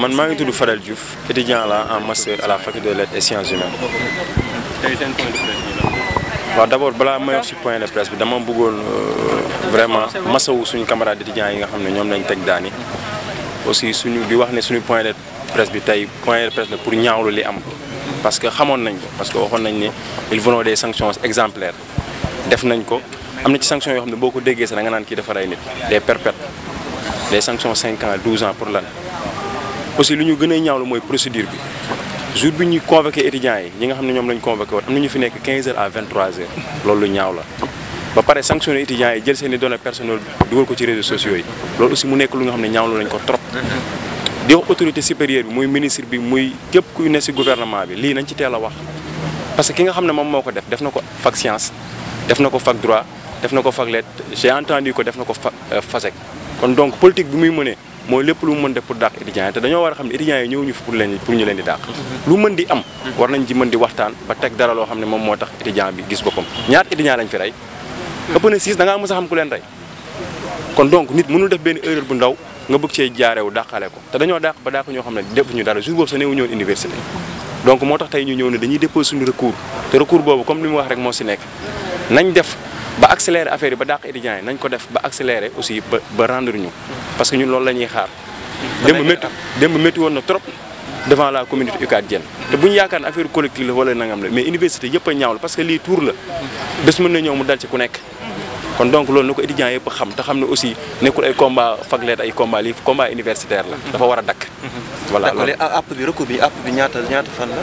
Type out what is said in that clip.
Je suis un étudiant en master à la faculté de lettres et sciences humaines. D'abord, je suis de point de presse bi suis euh, vraiment suñu yi nga aussi point de presse point de presse pour ñaawlu li parce que xamoon nañ parce ils voulaient des sanctions exemplaires def nañ ko sanctions Il y a des des perpètes des sanctions 5 ans 12 ans pour l'année aussi li ñu gën a ñaawlu procédure bi jour bi ñuy convoqué étudiants yi ñi nga xam ne ñoom lañ convoqué woon ñu fi nekk 15 h à 23 h loolu lu ñaaw ba pare sanctionné étudiants yi jël seen i données personnelles dugal ko ci réseaux sociaux yi loolu aussi mu nekk lu nga xam ne ñaawlu lañ ko trop di wax autorité supérieure bi muy ministre bi muy képp kuy ne gouvernement bi lii nañ ci teel wax parce que ki nga xam ne moko moo ko def def na ko fac science def na fac droit def na fac let. j'ai entendu ko def na ko fac euh, fasek kon donc politique bi muy mënee mooy lépp lu mu mën def pour dàq étudiants yi te dañoo war a xam ne étudiants yi ñëwuñu fi pour leen pour ñu leen di dàq lu mën di am war nañ ci mën di waxtaan ba teg dara loo xam ne moom moo tax étudiant bi gis boppam ñaata étudiant lañ fi rey ëpp na siis da a xam ku leen rey kon donc nit mënul def benn erreur bu ndaw nga bëgg cee jaarewu dàqale ko te dañoo dàq ba dàq ñoo xam ne defuñu dara jour boobu sa neewu ñoon université donc moo tax tey ñu ñëw ne dañuy déposer suñu recours te recours boobu comme li mu wax rek moo si nekk nañ def ba accélérer affaire yi ba dàq étudiants yi nañ ko def ba accélérer aussi ba rendre ñu parce que ñun loolu lañuy xaar démb metti démb metti woon na trop devant la communauté ukad ucadienne te buñu ñu affaire collective la wala nangam la mais université yépp ñawul parce que li tour la bés mën na ñëw mu dal ci ku nekk kon donc loolu na ko étudiants yëpp xam te xam ne aussi nekul ay combat faculté ay combat li combat universitaire la dafa wara a dakk mhm. voilà appui bi recours bi appui bi ñaata ñaata fan la